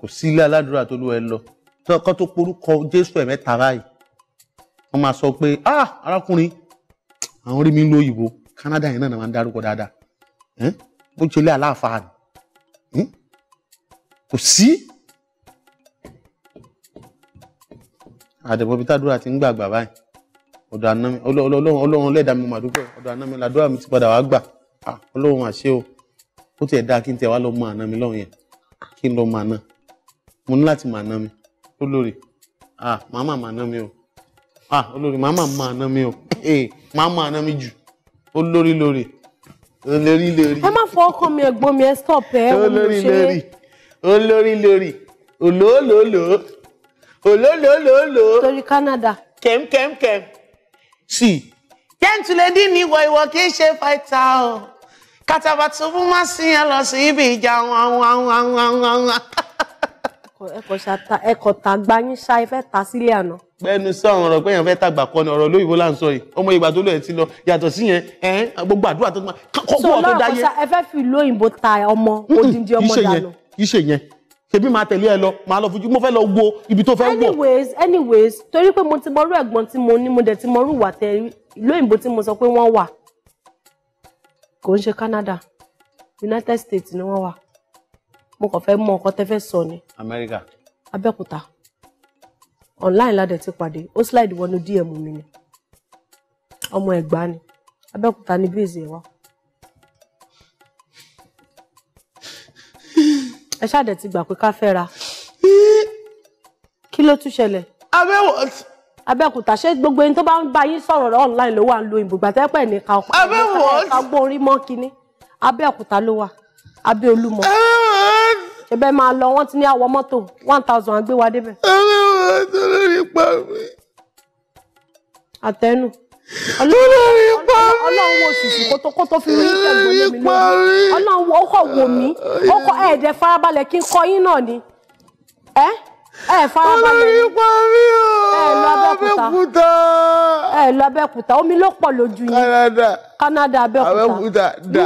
kò sí ilé aládùúrà tó lú ẹ lọ tọkọ tó porúkọ jésù ẹ mẹ́ta báyìí wọn máa sọ pé ah arákùnrin àwọn rí mi ń lo òyìnbó Canada yẹn náà máa ń dárúkọ dáadáa ó ṣe ilé aláàfáà ni kò sí àdẹ̀bọ̀bí tádúrà ti ń gbàgbà báyìí ọ̀dọ̀ àná mi ọlọ́run lẹ́dàá mi mà dúpẹ́ ọ̀dọ̀ àná mi làdúrà mi ti padà wá gbà ah, ọlọ́run àṣẹ o ó tiẹ̀ dáa kí n tiẹ̀ wá lọ mọ àná mi lọ́hùn yẹn kí n lọ mọ àná mo ní láti máa ná mi olórí ah màmá máa ná mi o ah olórí màmá máa ná mi o eh màmá máa ná mi jù olórí lórí olórí lórí. ẹ má fọ ọkọ mi ẹ̀gbọ́n mi ẹ stop ẹ wọn mi ò ṣe é. olórí lórí olóòlòlò olóòlòlò. torí Canada. kẹ́mkẹ́mkẹ́m sí. kẹ́ntùlẹ́dì ni ìwọ ìwọ kì í ṣe fáìtà o kàtàbàtúbù má sí yẹn lọ sí ibi ìjà wọn àwọn àwọn àwọn àwọn ẹkọ tàgbà yín ṣá ẹ fẹ́ ta sílé àná. pẹ́ẹ́nu sọ àwọn ọ̀rọ̀ pé èèyàn fẹ́ tàgbà kọ́ ni ọ̀rọ̀ lóyìnbó là ń sọ yìí ọmọ ìgbà tó lóye ti lọ yàtọ̀ sí yẹn ẹ̀ẹ́n gbogbo àdúrà tó kọ́kọ́ tó dáyé. ẹ fẹ́ fi lóyìnbó ta ọmọ odindi ọmọ dànù. iṣẹ́ yẹn ṣebí máa tẹ̀lé ẹ lọ máa lọ fojú mo fẹ́ lọ wo ibi tó fẹ́ wọ̀. anyways anyways torí pé mo ti mọrú ẹ̀gbọ́n tí mo ní mo dẹ̀ ti mọrú ìwà tẹ lóyìnbó tí mo sọ pé wọ́n wà kò ń ṣe Canada United States ni wọ́n wà mo kàn fẹ́ mọ nǹkan tẹ́ fẹ́ sọ ni. Amẹ́ríkà. Abẹ́òkúta online la dẹ̀ ti pàdé ó slide wọnú DM mi ni ọmọ Ẹ̀gbá ni Abẹ́òkúta ni bíèsì ẹ̀ wá. ẹ ṣáàdẹ̀ ti gbà pé ká fẹ́ ra kí ló tún ṣẹlẹ̀. abẹ́wọ̀tì. abẹ́òkúta ṣé gbogbo ẹni tó bá ń bá yín sọ̀rọ̀ online ló wà ń lo ìbùgbà tẹ́pẹ́ ní ká ọkùnrin ká gbọ́ orí mọ́ kínní abẹ́òkúta ló wà abẹ́ olúmọ ẹbẹ máa lọ wọn ti ní àwọ mọ́tò one thousand àgbé wa débẹ̀. ọlọ́run àti olórí pa mí. àtẹnu. olórí pa mí. ọlọ́run wo òṣìṣì kó tó fi rí ìtẹ̀gbọ́n lé mi lórí. ọlọ́run wo ó kọ̀ wò mí ó kọ ẹ̀ẹ́dẹ̀ farabalẹ̀ kí n kọ yín náà ni. ẹ ẹ farabalẹ̀ ni. olórí pa mí o. ẹ lọ abẹ́òkúta. ẹ lọ abẹ́òkúta omi ló pọ̀ lójú yín. Canada Canada Da.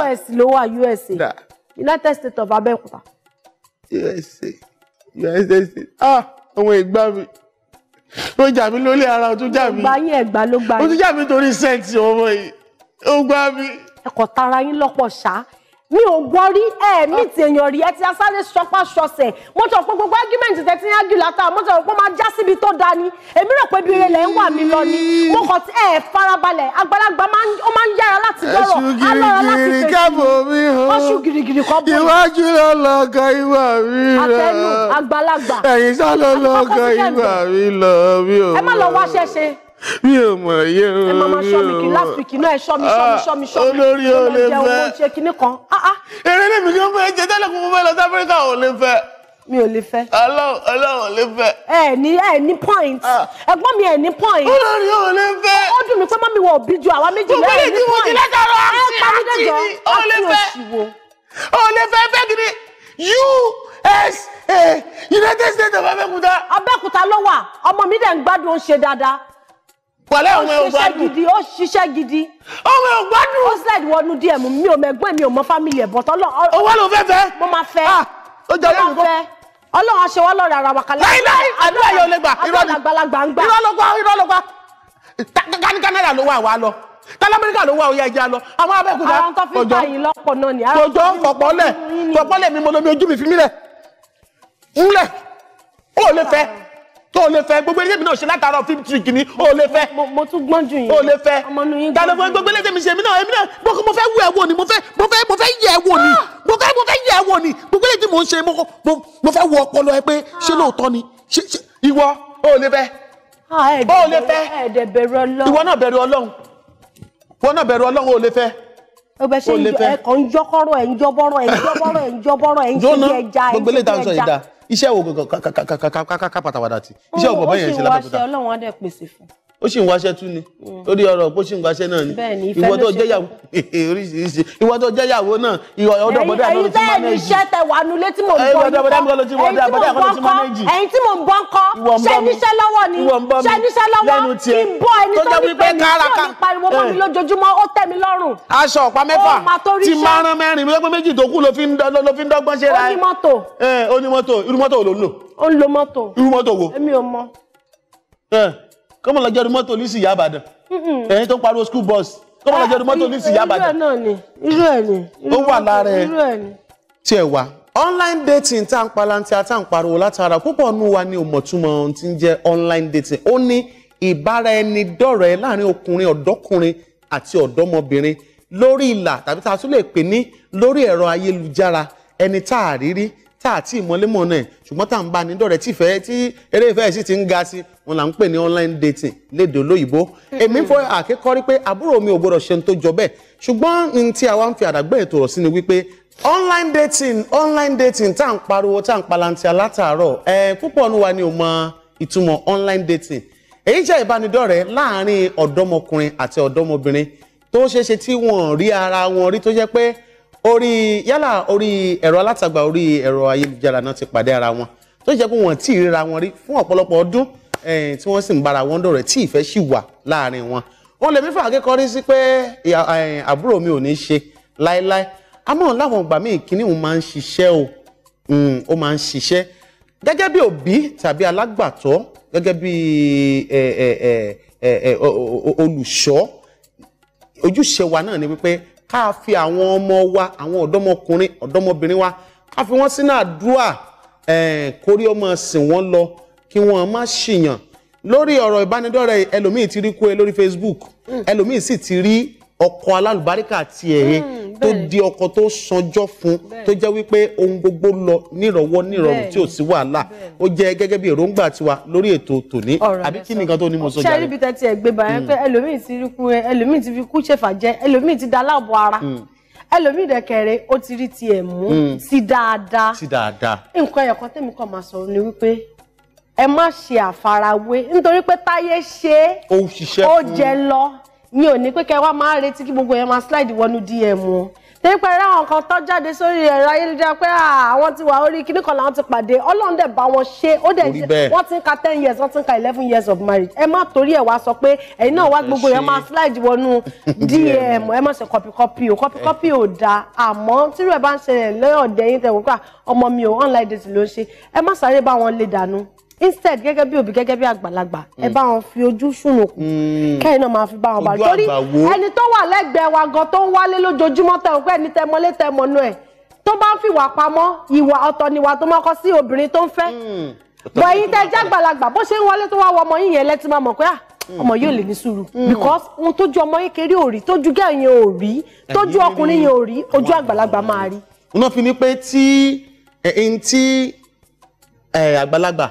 US ló wà USA Da. United States of Abẹ́òkúta usa usa ah àwọn ìgbà mi ó jà mí lólè ara ó tún jà mí ọgbà yín ẹgbà ló gbà yín ó tún jà mí torí sẹǹtì ọmọ yìí ó gbà mí. ẹkọ tara yín lọ́pọ̀ ṣá mi ò gbọ́ rí ẹ̀ẹ́mí tí èèyàn rí ẹ ti asáré ṣọpá ṣọsẹ̀ mo tọ̀ pé gbogbo argument tẹ̀ ti ń argue látà mo tọ̀ pé máa já síbi tó da ni èmi rò pé bí ire lẹ̀ ń wà mí lọ ni mo kàn ti ẹ̀ farabalẹ̀ àgbàlagbà ó máa ń yára láti gbọ́rọ̀ alọ́ra láti fèsì oṣù girigiri kan bọ̀ iwájú ló lọ́gọ́ ìwà mi lọ àtẹnu àgbàlagbà ẹ̀yìn sá ló lọ́gọ́ ìwà mi lọ mi ò mọ̀ ẹ má lọ wá ṣẹ́ṣe mi ò mọ̀ yé o. ẹ máa ṣọ́ mi kí last week náà ẹ ṣọ́ mi ṣọ́ mi ah, ṣọ́ mi ṣọ́ mi. olórí ò lè fẹ́. ọmọ ìjẹun ṣe kinní kan. Ah, ah. eré lèmi kí wọ́n fẹ́ jẹ tẹ́lẹ̀ kó fẹ́ lọ sí Áfíríkà ò lè fẹ́. mi ò lè fẹ́. ọlọ́run ọlọ́run lè fẹ́. ẹ ní ẹ ní point ẹ̀gbọ́n mi ẹ ní point. olórí ò lè fẹ́. ó dùn mí pé mọ́mí wọ òbí ju àwa méjì lẹ́yìn ní point. òbí lè ti ti lẹ́tọ̀ọ́ àti àti ni ó lè Abẹ́òkúta ló wà ọmọ mi dẹ̀ ń gbádùn ó ń ṣe dáadáa pẹ̀lẹ́ àwọn ọ̀gbádùn. ó ṣiṣẹ́ gidi ó ṣiṣẹ́ gidi. ọmọ ọ̀gbádùn. ó slide wọnú díẹ̀ mú mi ò mẹ́gbọ́n mi ò mọ fámìlì ẹ̀bọ̀n tọ́lọ́. owó ló fẹ́ fẹ́. mo máa fẹ́. Ah, ó jẹ olóyún kọ́. ọlọ́run aṣọ wọn lọ́ọ̀rọ̀ ara wa kalẹ̀. láíláí àdúrà yóò lè gbà. àdúrà àgbàlagbà ń gbà. ló wà wá lọ tálámẹ́ríkà ló wà tó lè fẹ́ gbogbo eléyìí náà ṣe látara film trick ni o lè fẹ́. mo tún gbọ́n jù yín o lè fẹ́. ọmọ nu yín gbọ́n jù yín. tàbí gbogbo eléyìí mi ṣe mí náà èmi náà gbogbo mo fẹ́ wú ẹ wò ni mo fẹ́ mo fẹ́ mo fẹ́ yẹ ẹ wò ni ah! mo fẹ́ mo fẹ́ yẹ ẹ wò ni gbogbo eléyìí mo ń ṣe mo fẹ́ wo ọpọlọ ẹ pé ṣé ah! lóòótọ́ ni ìwọ o lè fẹ́. o ah, lè fẹ́ ìwọ náà bẹ̀rù Ọlọ́run ìwọ náà bẹ̀rù Ọlọ́run o lè fẹ́ ọbẹ ṣe ẹkọ ń jọkọrọ ẹ ń jọbọrọ ẹ ń jọbọrọ ẹ ń jọbọrọ ẹ ń ṣe ẹja ẹ ń ṣe ẹja iṣẹ́ wo kankan kápátá wàdà tí iṣẹ́ wo bàbá yẹn ṣe lábẹ́kúta. ó sì wá ṣe ọlọ́run á dẹ̀ pèsè fún ó sì ń wáṣẹ́ tún ni mm. lórí ọ̀rọ̀ pé ó sì ń wáṣẹ́ náà ni ìwọ tó jẹ́yàwó oríṣiríṣi ìwọ tó jẹ́yàwó náà ìwọ ọ̀dọ̀ bọ́dà náà ló ti mánéjì ẹ̀yin bẹ́ẹ̀ ni iṣẹ́ tẹ wà nulé tí mò ń bọ́ ọ̀dọ̀ bọ́dà náà ló ti mánéjì ẹ̀yin tí mò ń bọ́ ń kọ́ ṣe níṣẹ́ lọ́wọ́ ni ṣe níṣẹ́ lọ́wọ́ kí n bọ́ ẹni tó ní pé mi tí ò ní pariwo mọ́ mi eh. lójoojúmọ́ ó tẹ́ mi lọ́rùn. aṣọ ọ̀pá mẹ́fà ti máa rán mẹ́rin mi lọ́gbọ́n méjì tó kù ló fi ń dọ́gbọ́n ṣe ra ẹ. onímọ́tò. Eh, onímọ́tò irú mọ́tò wo ló ń lò. ó ń lo mọ́tò. irú mọ́tò wo. èmi ò mọ. Eh kọ́mọ̀ lọ́jọ́ rí mọ́tò lísì ìyá Ìbàdàn ẹ̀yin tó ń pariwo school bus kọ́mọ̀ lọ́jọ́ rí mọ́tò lísì ìyá Ìbàdàn. irú ẹ̀ náà ni irú ẹ̀ ni irú ẹ̀ ni irú ẹ̀ ni. tí ẹ wá online dating tá à ń palantia tá à ń pariwo látara púpọ̀ nù wa ni òmọ̀túnmọ̀ ohun tí ń jẹ́ online dating ó ní ìbáraẹnidọ́rẹ̀ẹ́ láàrin ọkùnrin ọ̀dọ́kùnrin àti ọ̀dọ́mọbìnrin lórí ìlà tàbí tá a tún lè pè ní lórí ẹ̀rọ ayélujára ẹni tá a rí rí tá àti ìmọ̀lémọ̀ náà ṣùgbọ́n tá à ń bá ní dọ̀rẹ́ tí fẹ́ tí eré ìfẹ́ sì ti ń ga sí wọn là ń pè ní online dating lédè olóyìnbó mm-hmm. èmi fọ àkékọ́rí pé àbúrò mi ò gbọdọ̀ ṣe ń tó jọ bẹ́ẹ̀ ṣùgbọ́n ní tí àwa ń fi àdàgbẹ́ ètò rọ̀ sí ni wípé online dating online dating tá à ń pariwo tá à ń palantí alátàárọ̀ ẹ púpọ̀ nu wa ni ò mọ ìtumọ̀ online dating èyí jẹ́ ìbánidọ́rẹ̀ẹ́ láàárín ọ̀dọ́mọkùnrin àti ọ̀dọ́mọbìnrin tó ṣeéṣe tí wọ́n rí ara wọn rí tó jẹ́ pé orí yálà orí ẹ̀rọ alátagbà orí ẹ̀rọ ayélujára náà ti pàdé ara wọn tó jẹ́ pé wọ́n tí ì ríra wọn rí fún ọ̀pọ̀lọpọ̀ ọdún tí wọ́n sì ń bára wọn dọ̀rẹ́ tí ìfẹ́ sì wà láàrin wọn wọn lè mẹ́fà akẹ́kọ̀ọ́ rí sí pé àbúrò mi ò ní ṣe láéláé àmọ́ láwọn ìgbà míì kínní òun máa ń ṣiṣẹ́ o ó máa ń ṣiṣẹ́ gẹ́gẹ́ bí òbí tàbí alágbàtọ́ gẹ́gẹ́ bí olùṣọ́ ojúṣe wa náà ni wípé ká fi àwọn ọmọ wa àwọn ọ̀dọ́mọkùnrin ọ̀dọ́mọbìnrin wa ká fi wọ́n sínú àdúrà kórí ọmọ sìn wọ́n lọ kí wọ́n má ṣìyàn lórí ọ̀rọ̀ ìbánidọ́rẹ̀ẹ́ ẹlòmíì ti rí kú ẹ lórí Facebook hmm. ẹlòmíì sì ti rí ọkọ alálùbáríkà tiẹ̀ yẹn tó di ọkọ tó sanjọ́ fún tó jẹ́ wípé ohun gbogbo lọ nírọ̀wọ́ nírọ̀rùn tí ò sí wàhálà ó jẹ́ gẹ́gẹ́ bí èròǹgbà tiwa lórí ètò tòní àbí kí nìkan tó ní mo sọ jàre. ṣé ibi tẹ́tí ẹ̀ gbé bàyẹn mm. pé ẹlòmíì ti rí kú ẹlòmíì ti fi kú ṣèfàjẹ́ ẹlòmíì ti da láàbọ̀ ara mm. ẹlòmíì dẹ̀kẹ̀rẹ̀ ó ti rí tiẹ̀ mú mm. sí dáadáa sí dáadáa nǹkan ẹ̀kọ́ tẹ̀mí kan máa sọ ni wípé ẹ má ṣe àfarawé nítorí pé táyé ṣe é ó jẹ lọ mi ò ní pé kẹ wá máa retí kí gbogbo yẹn máa slide wọnú dm wọn torí pé ẹ̀rọ àwọn kan tó jáde sórí ẹ̀rọ ayélujára pé àwọn ti wà orí kíní kan làwọn ti pàdé ọlọ́run dẹ̀ bá wọn ṣe ó dẹ̀ jẹ́ wọ́n ka ten years wọ́n ti ka eleven years of marriage ẹ má torí ẹ̀ wá sọ pé ẹ̀yin náà wá gbogbo yẹn máa slide wọnú dm ẹ má ṣe copy copy o copy copy o da àmọ́ tírú ẹ̀ bá ń ṣẹlẹ̀ lọ́ọ̀dẹ̀ yín tẹ̀ wọ́pẹ́ ọmọ mi ò online dating ló ń ṣe ẹ má sáré bá wọn lè instead gẹ́gẹ́ bí òbí gẹ́gẹ́ bí àgbàlagbà ẹ bá wọn fi ojú ṣùnùkùn hmm. kẹ́yìn náà máa fi bá wọn bá torí ẹni tó wà lẹ́gbẹ̀ẹ́ wa gan tó ń wálé lójoojúmọ́ tẹ̀ ń pẹ́ ní tẹmọlé tẹmọnú ẹ̀ tó bá ń fìwà pamọ́ ìwà ọ̀tọ̀ níwà tó máa kọ sí obìnrin tó ń fẹ́ hmm. bọ̀ ẹ̀yin tẹ́ jẹ́ àgbàlagbà bó ṣe ń wọlé tó wá wọ ọmọ yín yẹn máa mọ̀ pé à ah, hmm. ọmọ yóò lè ní sùúrù because ohun tójú ọmọ yín kéré ò rí tójú gẹ̀yìn ò rí tójú ọkùnrin yẹn ò rí ojú àgbàlagbà máa rí. wọ́n fi ni pé tí ẹ̀yin tí àgbàlagbà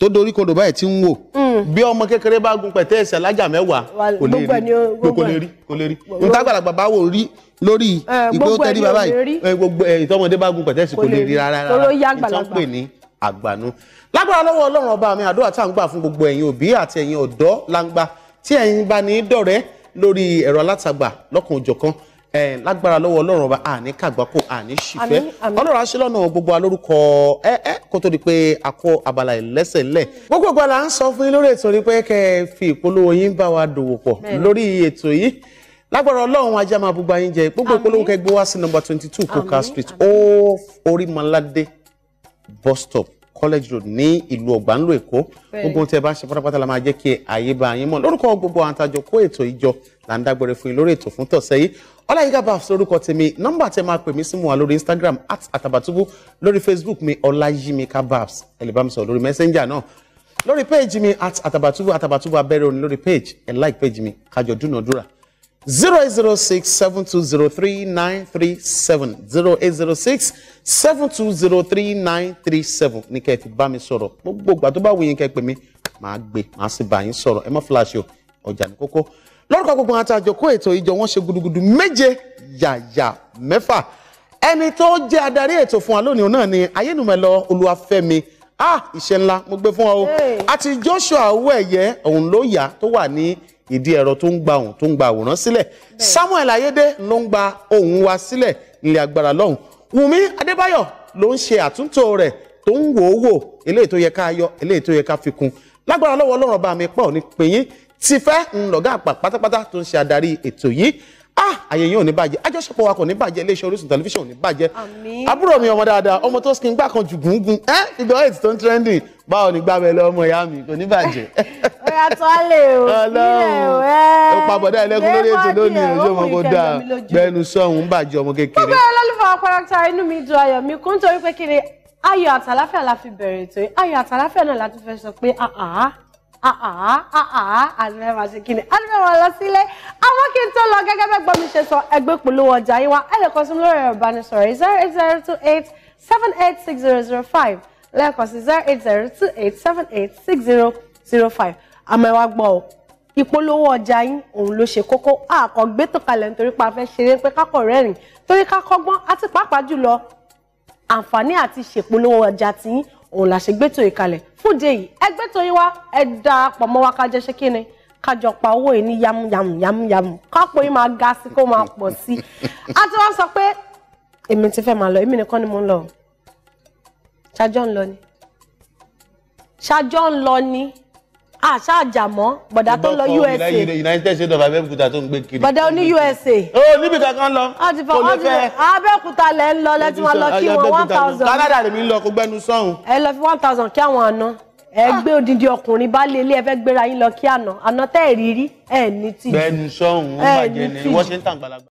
tó dorí kodò báyìí tí ń wò hmm. bí ọmọ kékeré bá gun pẹ̀tẹ́ ẹsẹ̀ alájà mẹ́wàá kò lè rí kò lè rí kò lè rí ntàgbàlagbà bá wò rí lórí eh, ìgbó tẹ́lí bàbá yìí eh, gbogbo ìtọ́mọdé bá gun pẹ̀tẹ́ ẹsẹ̀ kò lè rí rárá rárá ìtọ́pẹ̀ ní àgbànú. lágbára lọ́wọ́ ọlọ́run ọba mi àdúrà tá à ń gbà fún gbogbo ẹ̀yin òbí àti ẹ̀yin ọ̀dọ́ langba tí ẹ̀yin bá ní dọ̀rẹ́ lórí ẹ̀rọ alátagbà lọ́kùn òjọ̀kan lágbára lọ́wọ́ ọlọ́run ọba àní kàgbákò àní ṣìfẹ́ ọlọ́run aṣẹ́ lọ́nà gbogbo alórúkọ ẹ ẹ kó tó di pé a abala ìlẹ́sẹ̀ lẹ̀. gbogbo ìgbà la ń sọ fún yín lórí ètò yìí pé kẹ́ ẹ fi ìpolówó yín bá wa dòwò pọ̀ lórí ètò yìí lágbára ọlọ́run ajá máa búgba yín jẹ gbogbo ìpolówó kẹ́ gbé wá sí nọ́mbà twenty two coca street off Orímọládé bus stop college road ní ìlú ọgbà ńlò èkó gbogbo tẹ bá ṣe pátápátá la máa jẹ́ kí ayé bá yín mọ̀ lórúkọ gbogbo àwọn àtàjọ kó ètò ìjọ là ń dágbére fún yín lórí ètò fún tọ̀sẹ̀ yìí ọláyínká bá sorúkọ tèmi nọ́mbà tẹ máa pè mí sí mu wa lórí instagram at àtàbàtúbú lórí facebook mi ọláyímíkà babs ẹ lè bá lórí messenger náà lórí page mi at àtàbàtúbú àtàbàtúbú abẹ́rẹ́ òní lórí page ẹ like page mi kájọ dúnàdúrà zero eight zero six seven two zero three nine three seven zero eight zero six seven two zero three nine three seven ní kẹ́ bá mi sọ̀rọ̀ gbogbo ìgbà tó bá wù yín kẹ́ pè mí màá gbé màá sì bá yín sọ̀rọ̀ ẹ má flash o ọjà ní kókó lórúkọ gbogbo àwọn àtàjọkọ ètò ìjọ wọn ṣe gudugudu méje yàyà mẹ́fà ẹni tó jẹ́ adarí ètò fún wa lónìí náà ni ayélujára olúwafẹ́mi ah iṣẹ́ ńlá mo gbé fún wa o àti joshua owóẹ̀yẹ òun ló yá tó wà ní ìdí ẹ̀rọ tó ń gba òun tó ń gba àwòrán sílẹ̀ samuel ayédè ló ń gba òun wa sílẹ̀ ilé agbára lọ́hùn wùmí adébáyọ̀ ló ń ṣe àtúntò rẹ̀ tó ń wò eléyìí tó yẹ ká yọ eléyìí tó yẹ ká fi lágbára lọ́wọ́ ọlọ́run ọba mi pọ̀ ní pèyín ti fẹ́ ń lọ̀gá àpà pátápátá tó ń ṣe adarí ètò yìí ah àyè yẹn ò ní bàjẹ́ àjọṣepọ̀ wa kò ní bàjẹ́ iléeṣẹ́ Orísun tẹlifíṣàn ò ní bàjẹ́ àbúrò mi ọmọ dáadáa ọmọ tó skin gbà kan jù gúngún ẹ figure eight tó ń trending báwo ni gbàgbé lọ ọmọ ìyá mi kò ní bàjẹ́. ọ̀rẹ́ àtọ́lẹ̀ o sílẹ̀ o ẹ́ ó pa bọ̀dá ẹlẹ́gùn lórí ètò lónìí ojú ọmọ kò dáa gbẹnu sọ̀hún bàjẹ́ ọmọ kékeré. gbogbo olólùfọ́ ọ̀pọ̀lọpọ̀ mi dùn ayọ̀ mi kún torí pé kí ni ayọ̀ àtàláfẹ́ la fi àdúrà ah, ah, ah, máa ṣe kí ni àdúrà máa lọ sílé àwọn kí n tó lọ gẹ́gẹ́ bẹ́ẹ̀ gbọ́ mi ṣe sọ ẹgbẹ́ polówó ọjà yín wa ẹ lè kọ sí mi lórí ẹ̀rọ ìbánisọ̀rọ̀ zero eight zero two eight seven eight six zero zero five lẹ́ẹ̀kan sí zero eight zero two eight seven eight six zero zero five àmọ́ ẹ wá gbọ́ o ìpolówó ọjà yín òun ló ṣe kókó àkọ́gbé tó kalẹ̀ nítorí pa fẹ́ ṣeré pé kákọ̀ rẹ́rìn torí kákọ́gbọ́n àti pàápàá jùlọ àǹfààní àti ṣèpolówó ọjà tiyín òun la ṣe gbẹ́tò ìkalẹ̀ fún de yìí ẹgbẹ́ tó wá ẹ dá pọ̀ mọ́ wa ká jẹ́ ṣé kíni ká jọ pa owó yìí ní yamuyamu yamuyamu kápò yìí máa ga sí kó máa pọ̀ sí i a ti wá sọ pé èmi ti fẹ́ máa lọ èmi nìkan ni mo ń lọ ṣájọ́ ń lọ ni ṣájọ́ ń lọ ni Ah, àṣà àjàmọ́ bọ̀dá tó lọ usa united states of abẹ́òkúta tó ń gbé kiri bọ̀dá ó ní usa ó níbi kankan lọ kò lè fẹ́ abẹ́òkúta lẹ̀ ń lọ lẹ́tí wọn lọ kí wọn one thousand canada lèmi ń lọ kó gbẹnu sọ́hun ẹ lọ fi one thousand kí àwọn àna ẹ ah. gbé odindi ọkùnrin bá lé ilé ẹ fẹ́ gbéra yín lọ kí àná àná tẹ́ ẹ̀ rírí ẹ̀ ní tíì gbẹnu sọ́hun ó bàjẹ́ ní washington gbalagbà.